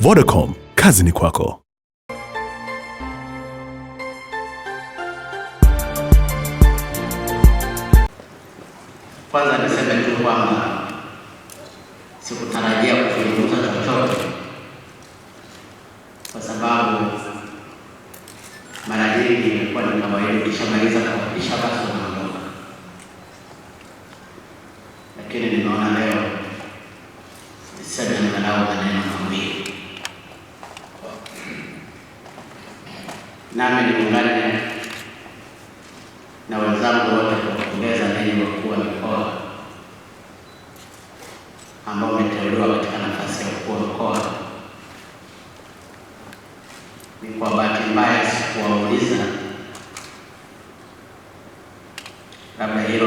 Vodacom, kazi ni kwako. Kwanza niseme tu kwamba sikutarajia kuzungumza chochote kwa sababu mara nyingi imekuwa ni kawaida kishamaliza kisha nami niungane na wenzangu wote kwa kupongeza ninyi wakuu wa mikoa ambao umeteuliwa katika nafasi ya ukuu wa mkoa. Ni kwa bahati mbaya sikuwauliza labda hilo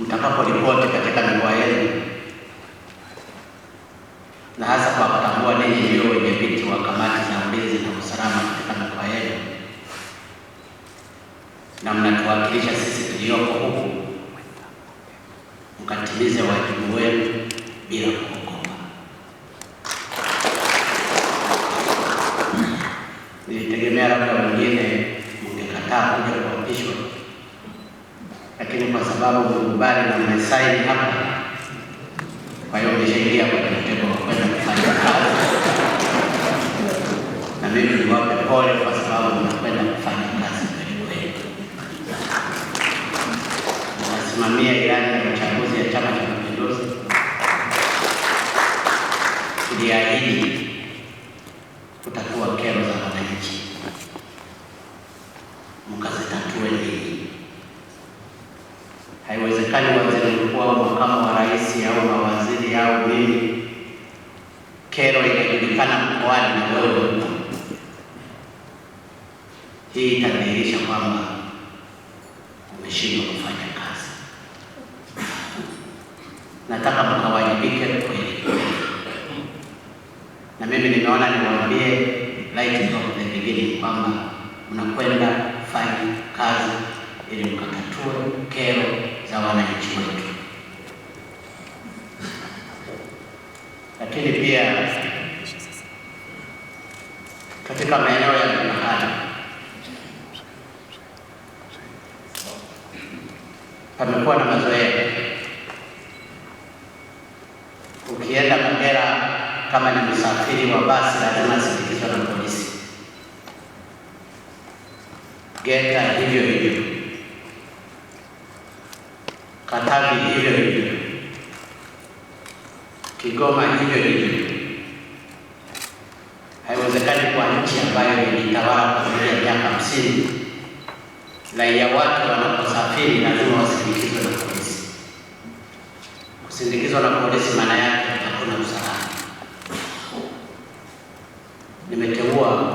mtakaporipoti katika mikoa yenu na hasa kwa kutambua ninyi ndio wenyeviti wa kamati za ulinzi na usalama katika mikoa yenu na mnatuwakilisha sisi tuliyoko huku, mkatimize wajibu wenu bila sababu mlikubali na mmesaini hapa, kwa hiyo mmeshaingia kwenye mtego wa kwenda kufanya kazi, na mimi niwape pole kwa sababu mnakwenda kufanya kazi kwelikweli. Nasimamia ilani ya uchaguzi ya Chama cha Mapinduzi iliahidi serikali, waziri mkuu, makamu wa rais au mawaziri au mimi, kero inajulikana mkoani na wewe, hii itadhihirisha kwamba umeshindwa kufanya kazi. Nataka mkawajibike kweli kweli, na mimi nimeona niwaambie right from the beginning kwamba mnakwenda kufanya kazi ili mkatatue kero za wananchi wetu. Lakini pia katika maeneo ya mahali pamekuwa na mazoea, ukienda Kagera kama ni msafiri wa basi lazima asindikizwe na polisi, Geta hivyo hivyo Katavi hivyo hivyo, Kigoma hivyo hivyo. Haiwezekani kwa nchi ambayo ilitawala kwa zaidi ya miaka hamsini, raia wake wanaposafiri lazima wasindikizwe na polisi. Kusindikizwa na polisi maana yake hakuna usalama. Nimeteua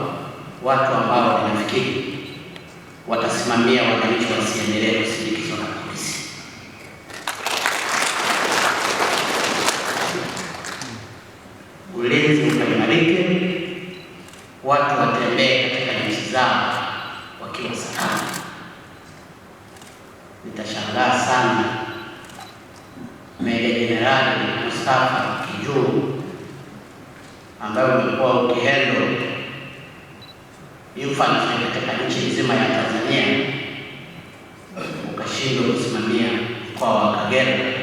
watu ambao wanafikiri watasimamia wananchi wasiendelee kusindikizwa falsafa kijuu ambayo ulikuwa ukihendo katika nchi nzima ya Tanzania ukashindwa kusimamia mkoa wa Kagera.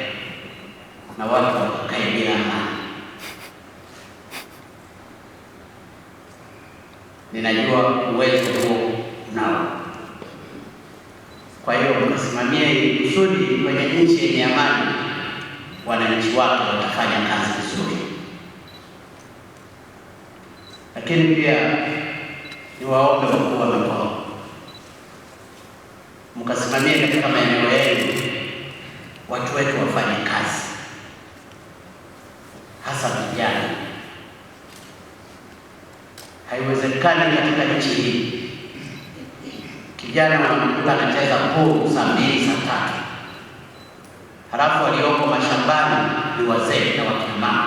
mwili wake kazi vizuri. Lakini pia waombe wakuu wa mikoa, mkasimamia katika maeneo yenu watu wetu wafanye kazi, hasa vijana. Haiwezekani katika nchi hii kijana wanamkuta anacheza kuu saa mbili saa tatu halafu ni wazee na wakina mama.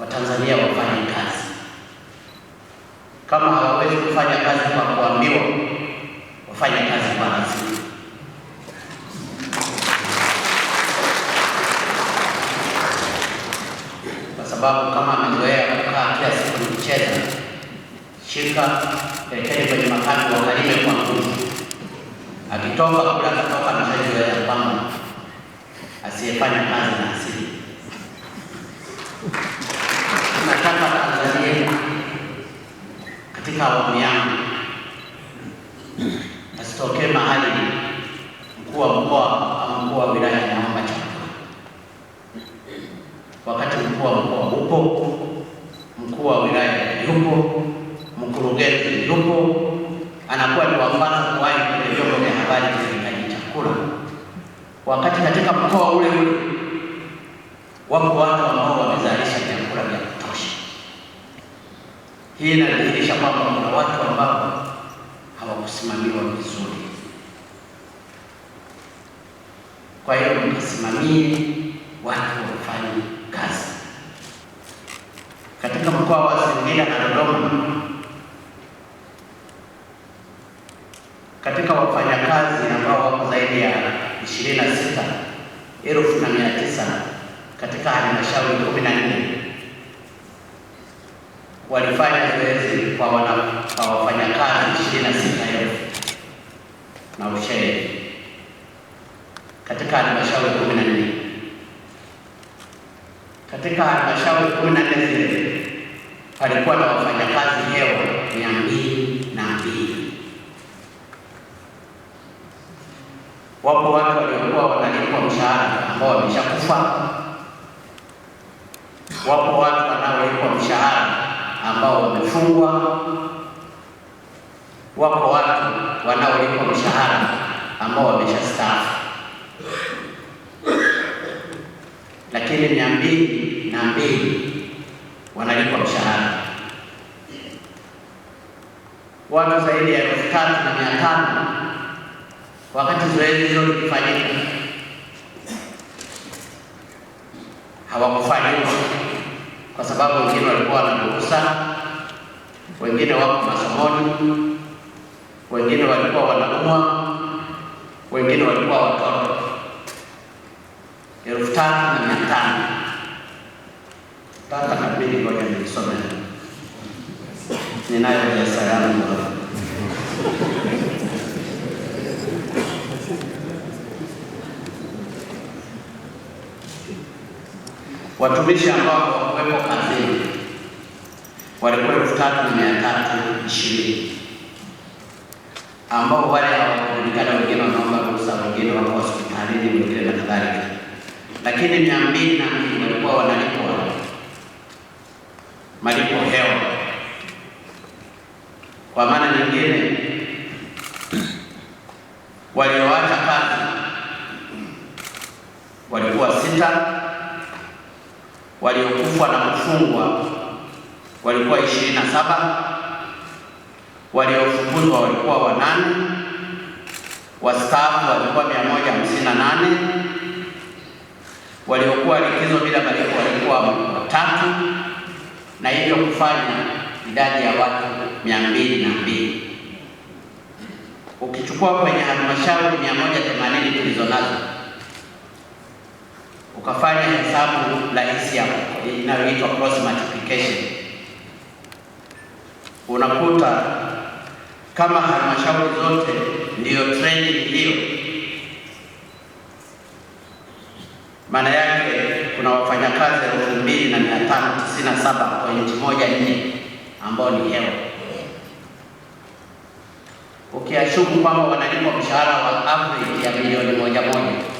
Watanzania wafanye kazi, kama hawawezi kufanya kazi kwa kuambiwa, wafanye kazi kwa lazima. Kwa sababu kama amezoea kukaa kila siku ni kucheza, shika, pelekeni kwenye makambi wakalime kwa nguvu kutoka kabla kutoka na maelezo ya kwamba asiyefanya kazi na asili. Nataka kuangalia katika awamu yangu asitokee mahali mkuu wa mkoa au mkuu wa wilaya anaomba chakula, wakati mkuu wa mkoa upo, mkuu wa wilaya yupo, mkurugenzi yupo, anakuwa ni wamfano kuwahi kwenye mbalimbali zihitaji chakula, wakati katika mkoa ule ule wapo watu ambao wamezalisha vyakula vya kutosha. Hii inadhihirisha kwamba kuna watu ambao hawakusimamiwa vizuri. Kwa hiyo mkasimamie watu wafanye kazi katika mkoa wa Singida na Dodoma. katika wafanyakazi ambao wako zaidi ya 26 elfu na mia tisa katika halmashauri 14 walifanya zoezi kwa wafanyakazi 26 elfu na usheri katika halmashauri 14 katika halmashauri 14 zile palikuwa na wafanyakazi hewa mia mbili Wapo watu waliokuwa wanalipwa mshahara ambao wameshakufa. Wapo watu wanaolipwa mshahara ambao wamefungwa. Wapo watu wanaolipwa mshahara ambao wameshastaafu. Lakini mia mbili na mbili wanalipwa mshahara, watu zaidi ya elfu tatu na mia tano Wakati zoezi hilo likifanyika, hawakufanya hivyo kwa sababu wengine walikuwa wanadurusa, wengine wako masomoni, wengine walikuwa wanaumwa, wengine walikuwa watoto. elfu tatu na mia tano tata kabili moja nilisome ninayo pesa yangu watumishi ambao hawakuwepo kazini walikuwa elfu tatu mia tatu ishirini ambao wale hawakujulikana, wengine wanaomba ruhusa, wengine wako hospitalini, wengine na kadhalika, lakini mia mbili na mbili walikuwa wanalipwa malipo hewa. Kwa maana nyingine, walioacha kazi walikuwa sita waliokufa na kufungwa walikuwa ishirini na saba waliofukuzwa walikuwa wanane wastaafu walikuwa mia moja hamsini na nane waliokuwa likizo bila malipo walikuwa watatu na hivyo kufanya idadi ya watu mia mbili na mbili ukichukua kwenye halmashauri mia moja themanini tulizo nazo ukafanya hesabu rahisi inayoitwa cross multiplication, unakuta kama halmashauri zote ndiyo training hiyo, maana yake kuna wafanyakazi elfu mbili na mia tano tisini na saba pointi moja nyi ambao ni hewa. Ukiashumu kwamba wanalipwa mshahara wa average ya milioni moja moja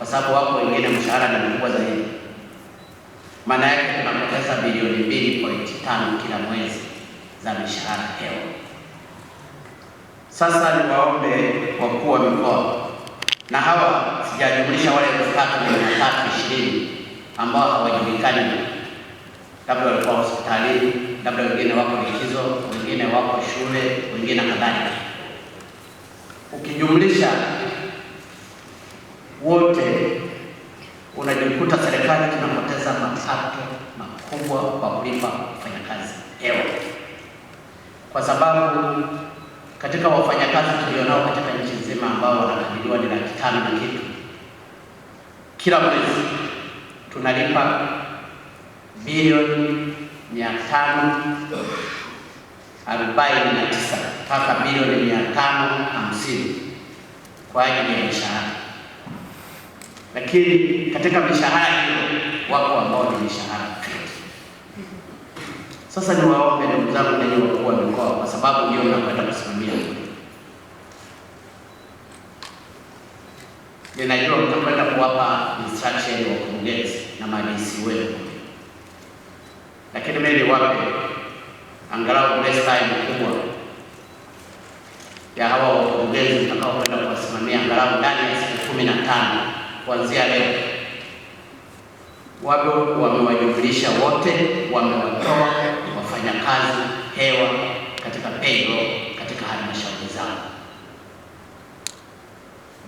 kwa sababu wako wengine mshahara ni mkubwa zaidi. Maana yake tunapoteza bilioni mbili pointi tano kila mwezi za mishahara hewa. Sasa niwaombe wakuu wa mikoa na hawa sijajumlisha wale elfu tatu mia tatu ishirini ambao hawajulikani, labda walikuwa hospitalini, labda wengine wako likizo, wengine wako shule, wengine kadhalika. Ukijumlisha wote, unajikuta serikali tunapoteza mapato makubwa kwa kulipa wafanyakazi hewa, kwa sababu katika wafanyakazi tulionao katika nchi nzima ambao wanakabiliwa ni laki tano na kitu, kila mwezi tunalipa bilioni mia tano arobaini na tisa mpaka bilioni mia tano hamsini kwa ajili ya mishahara lakini katika mishahara hiyo wako ambao ni mishahara sasa Sasa waombe ndugu zangu nanyi wakuu wa mikoa, kwa sababu hiyo nakwenda kusimamia, ninajua mtakwenda kuwapa instruction wakurugenzi na maadisi wenu, lakini mimi niwape angalau best time kubwa ya hawa wakurugenzi mtakaokwenda kuwasimamia angalau ndani ya siku kumi na tano kuanzia leo wao wamewajumlisha wote, wamewatoa wafanyakazi hewa katika pengo katika halmashauri zao.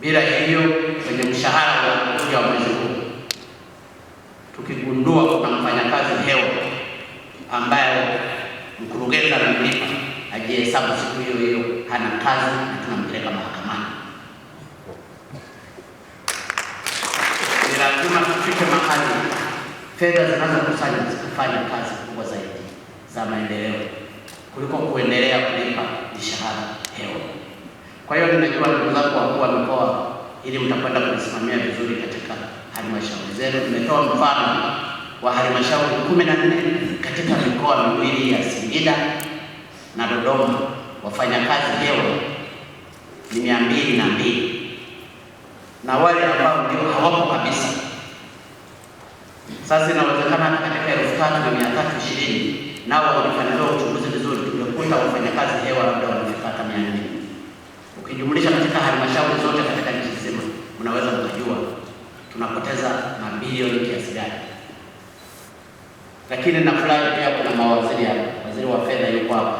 Bila hiyo kwenye mshahara wa kuja wa mwezi huu tukigundua kuna mfanyakazi hewa ambaye mkurugenzi amemlipa, ajihesabu siku hiyo hiyo, hana kazi na tunampeleka mahakamani. lazima tufike mahali fedha zinazokusanya zikifanya kazi kubwa zaidi za maendeleo kuliko kuendelea kulipa mishahara hewa. Kwa hiyo ninajua ndugu zangu wakuu wa mikoa, ili mtakwenda kuisimamia vizuri katika halmashauri zenu. Nimetoa mfano wa halmashauri kumi na nne katika mikoa miwili ya Singida na Dodoma, wafanyakazi hewa ni mia mbili na mbili na wale ambao ndio hawapo kabisa. Sasa inawezekana katika elfu tatu na mia tatu ishirini nao walifanyia uchunguzi vizuri, tumekuta wafanyakazi hewa labda wanafika mia nne ukijumlisha katika halmashauri zote katika nchi nzima, unaweza mkajua tunapoteza mabilioni kiasi gani. Lakini nafurahi pia kuna mawaziri hapa, waziri wa fedha yuko hapa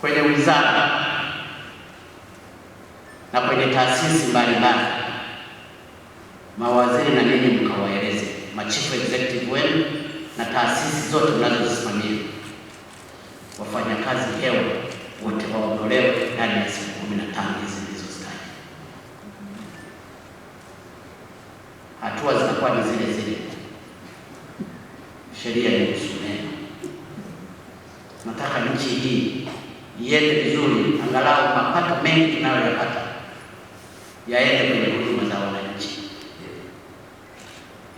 kwenye wizara na kwenye taasisi mbalimbali, mawaziri na nini mkawaeleze machifu executive wenu na taasisi zote mnazosimamia, wafanyakazi hewa wote waondolewe ndani ya siku kumi na tano. yaende kwenye huduma za wananchi.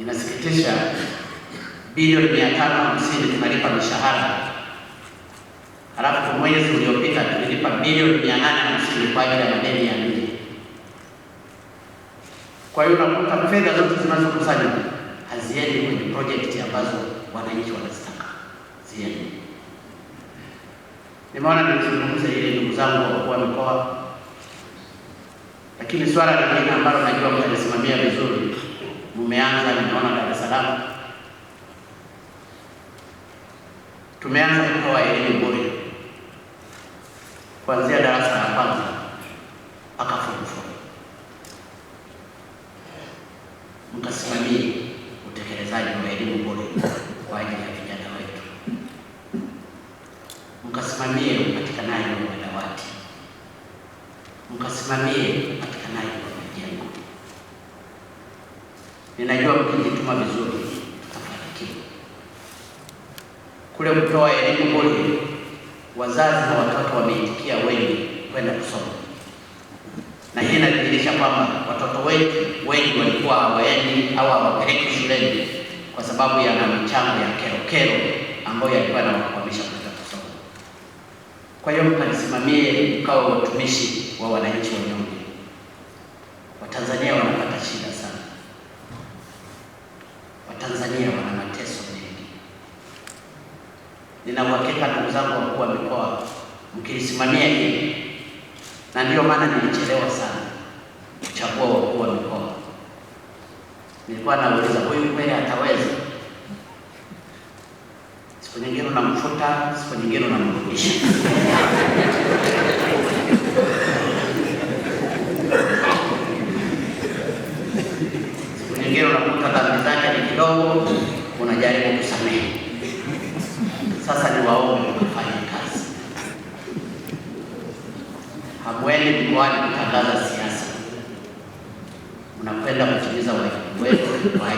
Inasikitisha, bilioni mia tano hamsini tunalipa mishahara, halafu mwezi uliopita tulilipa bilioni mia nane hamsini kwa ajili ya madeni ya nje. Kwa hiyo unakuta fedha zote zinazokusanywa haziendi kwenye projekti ambazo wananchi wanazitaka ziende. Nimeona nizungumze ili ndugu zangu wakuu wa mikoa lakini swala lingine ambalo najua mtalisimamia vizuri, mmeanza nimeona Dar es Salaam, tumeanza kutoa elimu bure kuanzia darasa la kwanza mkasimamie upatikanaji wa majengo. Ninajua mkijituma vizuri tutafanikiwa. Kule mtoa elimu bure, wazazi na watoto wameitikia wengi kwenda kusoma, na hii inadhihirisha kwamba watoto wengi wengi walikuwa hawaendi au hawapeleki shuleni kwa sababu yana michango ya kero kero ambayo yalikuwa yanawakwamisha kwenda kusoma. Kwa hiyo mkanisimamie mkawa watumishi wa wananchi wanyonge. Watanzania wanapata shida sana, Watanzania wana mateso mengi. Nina uhakika ndugu zangu wakuu wa mikoa mkilisimamia hili, na ndiyo maana nilichelewa sana kuchagua wakuu wa mikoa. Nilikuwa nauliza huyu kweli ataweza? Siku nyingine unamfuta, siku nyingine unamrudisha wako unajaribu kusamehe. Sasa ni waombe kufanya kazi, hamwendi mkoani kutangaza siasa, unakwenda kutimiza wajibu wetu kwa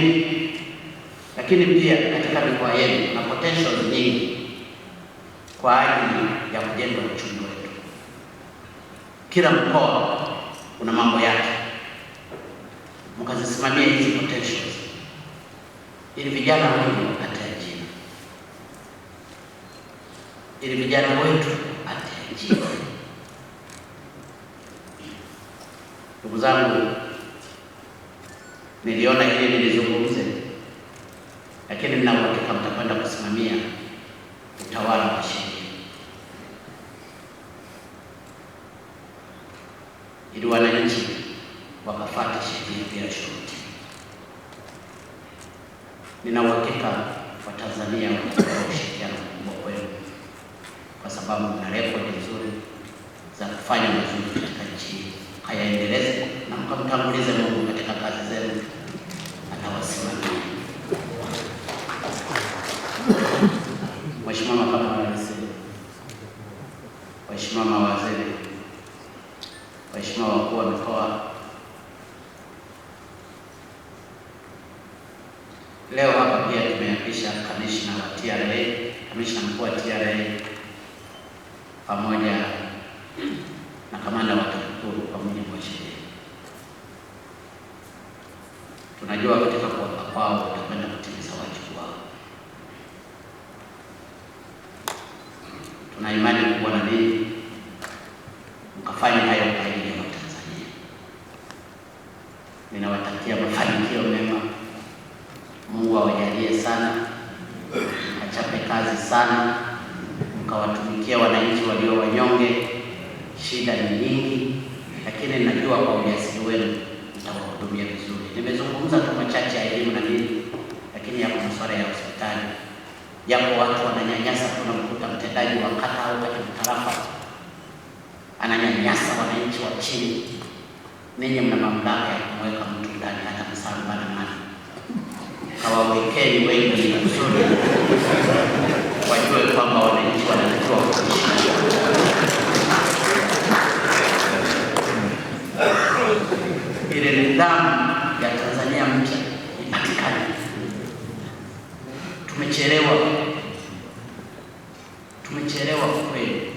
nyingi, lakini pia katika mikoa yenu na potential nyingi kwa ajili ya kujenga uchumi wetu. Kila mkoa una mambo yake, mkazisimamia hizi potentials ili vijana wengi wapate ajira, ili vijana wetu wapate ajira. Ndugu zangu niliona hili nilizungumze, lakini nina uhakika mtakwenda kusimamia utawala wa sheria ili wananchi wakafuata sheria bila shuruti. Nina uhakika Watanzania watakuwa ushirikiano mkubwa kwenu, kwa sababu mna rekodi nzuri za kufanya mazuri katika nchi. hii Hayaendeleze na mkamtangulize Mungu katika kazi zenu. Mheshimiwa Makamu wa Rais, Waheshimiwa mawaziri, Waheshimiwa wakuu wa mikoa, leo hapa pia tumeapisha kamishna wa TRA, kamishna mkuu wa TRA pamoja na kamanda wa TAKUKURU kwa mujibu wa sheria. Tunajua katika na kwenda kutimiza wajibu wao. Tuna imani kubwa na ninyi, mkafanya hayo kwa ajili ya Watanzania. Ninawatakia mafanikio mema, Mungu awajalie sana, achape kazi sana, mkawatumikia wananchi walio wanyonge. Shida ni nyingi, lakini najua kwa ujasiri wenu nitawahudumia vizuri. Nimezungumza tu machache ya elimu na nini, lakini yapo masuala ya hospitali, yapo watu wananyanyasa. Kuna mkuta mtendaji wa kata au katibu tarafa ananyanyasa wananchi wa chini. Ninyi mna mamlaka ya kumweka mtu ndani hata msalabani mali, kawawekeni wengi vizuri wajue kwamba wananchi wanatakiwa kuishi ile nidhamu ya Tanzania mpya ipatikane. Tumechelewa, tumechelewa kweli.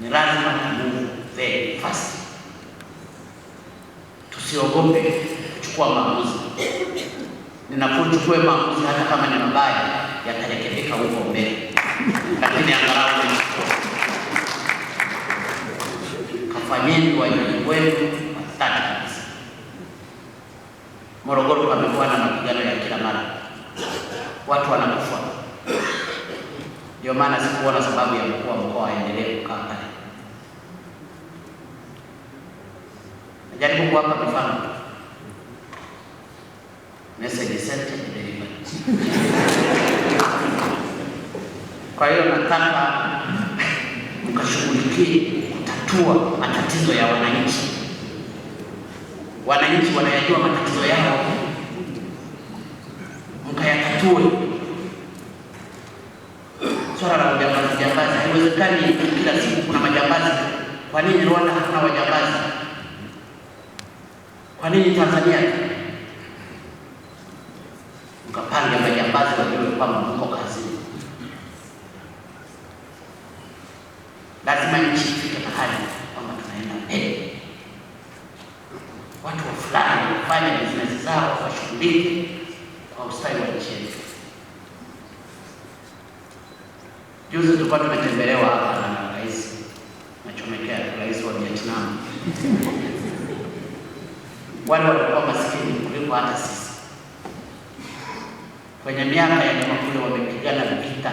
Ni lazima tuvuve nafasi, tusiogope kuchukua maamuzi. Ninapochukua maamuzi, hata kama ni mabaya, yatarekebika huko mbele, lakini angalau kafanyeni wajibu wenu. Morogoro pamekuwa na mapigano ya kila mara, watu wanakufa. Ndio maana sikuona sababu ya mkuu wa mkoa aendelee kukaa pale. Najaribu kuwapa mfano, message sent and delivered. Kwa hiyo nataka mkashughulikie kutatua matatizo ya wananchi wananchi wanayajua matatizo yao, mkayatatue. Swala la majambazi. jambazi, haiwezekani kila siku kuna majambazi. Kwa nini Rwanda hakuna wajambazi? Kwa nini Tanzania? Mkapange majambazi wajue kwamba mko kazini, lazima nchi mbili kwa ustawi wa nchi yetu. Juzi tulikuwa tumetembelewa na uh, rais, nachomekea rais wa Vietnam wale walikuwa maskini kuliko hata sisi. Kwenye miaka ya nyuma kule wamepigana vita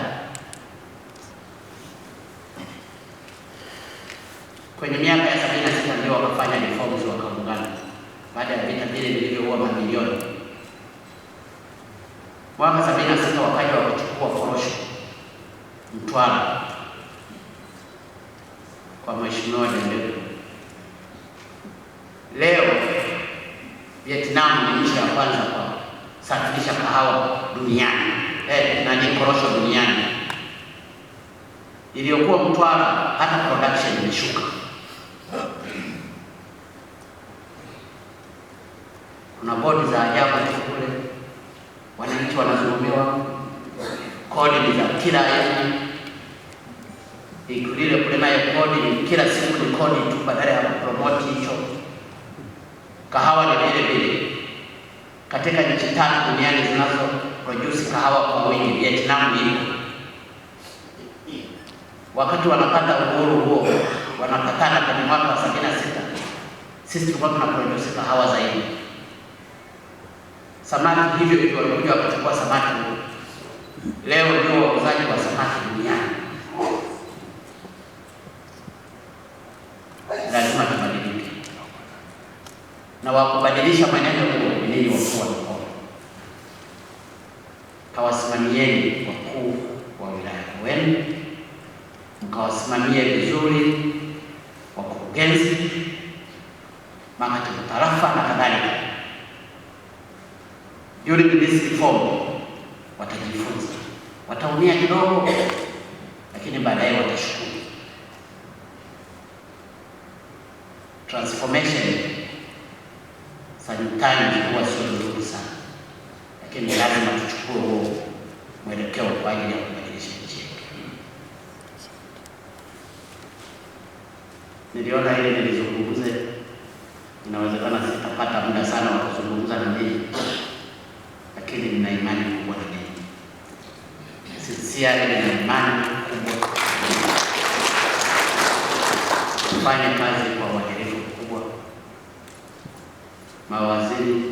kwenye miaka ya mwaka sabini na sita wakaja wakachukua korosho Mtwara kwa mheshimiwa Dandeku. Leo Vietnam ni nchi ya kwanza kwa kusafirisha kahawa duniani eh, na ni korosho duniani. Iliyokuwa Mtwara hata production imeshuka. Kuna bodi za ajabu kule wananchi wanazulumiwa kodi ni za kila aina, ikulile kulema ya kodi ni kila siku ni kodi tu, badala ya kupromoti hicho. Kahawa ni vile vile, katika nchi tatu duniani zinazo produce kahawa kwa wingi, Vietnam ipo. Wakati wanapata uhuru huo wanakatana kwenye mwaka wa sabini na sita sisi tulikuwa tuna produce kahawa zaidi samaki hivyo hivyo walikuja wakachukua samaki. Leo ndio wauzaji wa samaki duniani. Lazima tubadilike, na wakubadilisha maneno huo ninyi wakuu wa mkoa, kawasimamieni wakuu wa wilaya wenu, mkawasimamie vizuri transformation sometimes huwa sio nzuri sana, lakini lazima tuchukue huo mwelekeo kwa ajili ya kubadilisha nchi Niliona ile nilizungumze, inawezekana sitapata muda sana wa kuzungumza na mimi, lakini nina imani kubwa na ninyi, sinsiari, nina imani kubwa kufanya kazi Thank you.